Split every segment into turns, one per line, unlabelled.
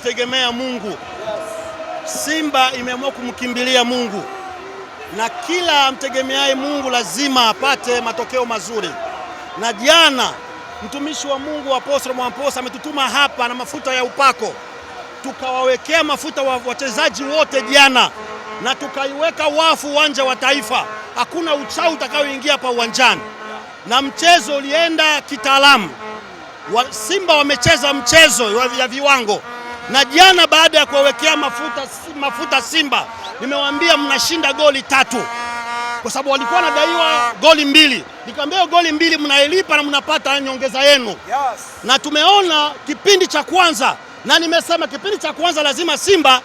kumtegemea Mungu. Simba imeamua kumkimbilia Mungu, na kila amtegemeaye Mungu lazima apate matokeo mazuri. Na jana mtumishi wa Mungu Apostle Mwamposa ametutuma hapa na mafuta ya upako, tukawawekea mafuta wa wachezaji wote jana, na tukaiweka wafu uwanja wa Taifa. Hakuna uchau utakaoingia hapa uwanjani, na mchezo ulienda kitaalamu. Simba wamecheza mchezo ya viwango na jana baada ya kuwawekea mafuta, mafuta Simba nimewaambia mnashinda goli tatu kwa sababu walikuwa wanadaiwa goli mbili, nikamwambia goli mbili mnailipa na mnapata nyongeza yenu yes. Na tumeona kipindi cha kwanza, na nimesema kipindi cha kwanza lazima Simba,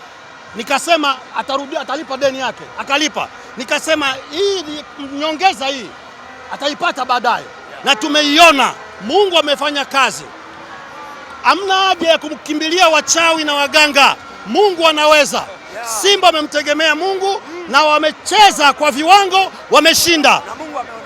nikasema atarudia, atalipa deni yake, akalipa. Nikasema hii nyongeza hii ataipata baadaye, na tumeiona Mungu amefanya kazi. Hamna haja ya kumkimbilia wachawi na waganga. Mungu anaweza. Simba wamemtegemea Mungu na wamecheza kwa viwango, wameshinda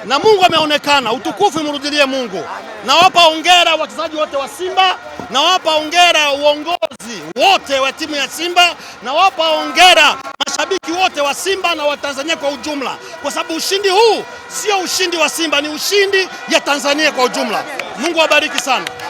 na Mungu ameonekana. Utukufu imrudilie Mungu. Nawapa hongera wachezaji wote wa Simba, nawapa hongera uongozi wote wa timu ya Simba, nawapa hongera mashabiki wote wa Simba na Watanzania kwa ujumla, kwa sababu ushindi huu sio ushindi wa Simba, ni ushindi ya Tanzania kwa ujumla. Mungu awabariki sana.